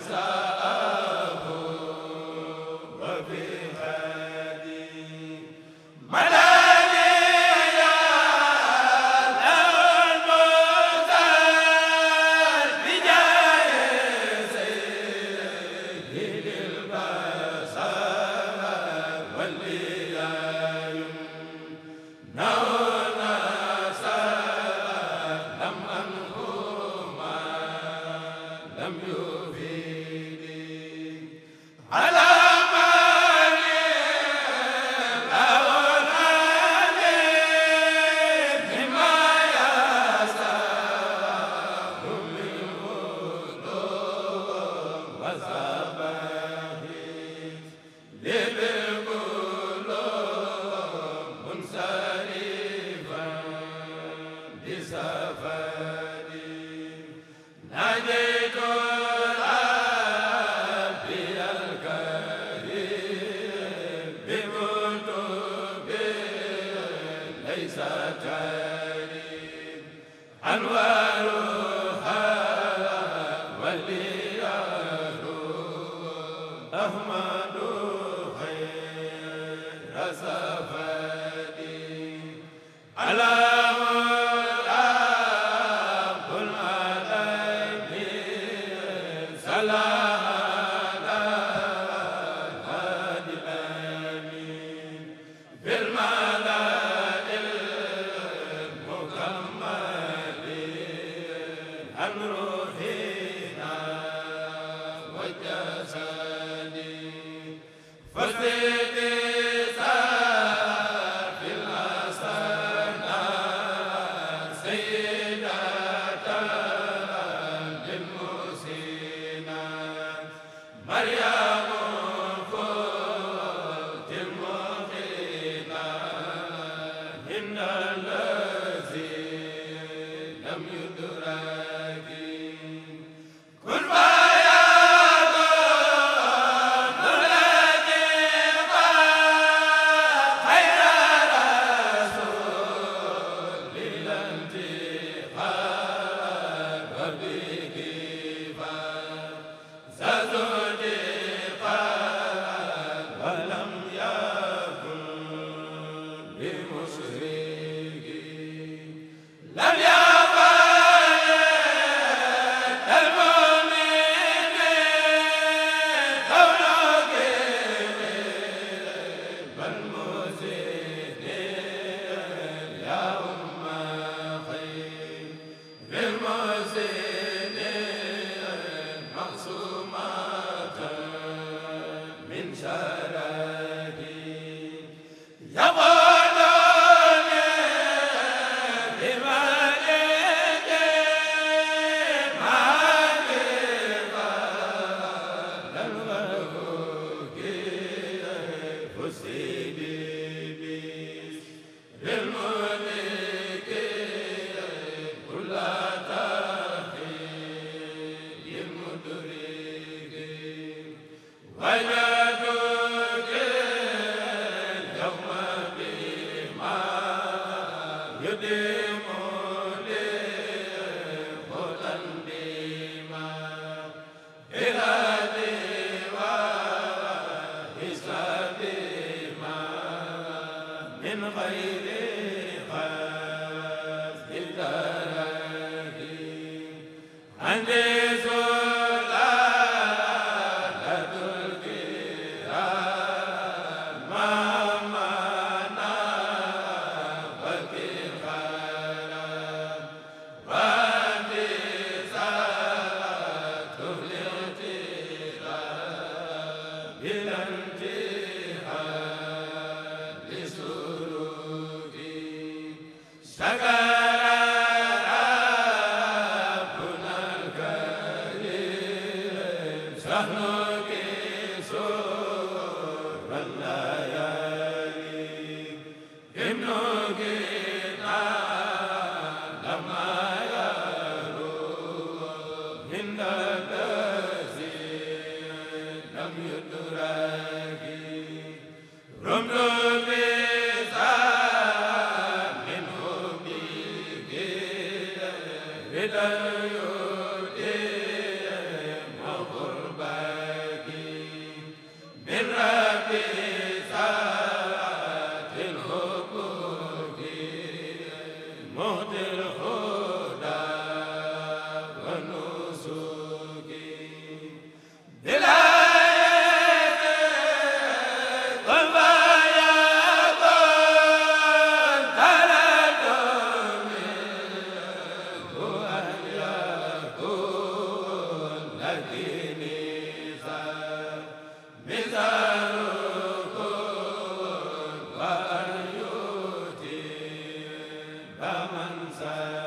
sa Ahmadu khayra Amen man sa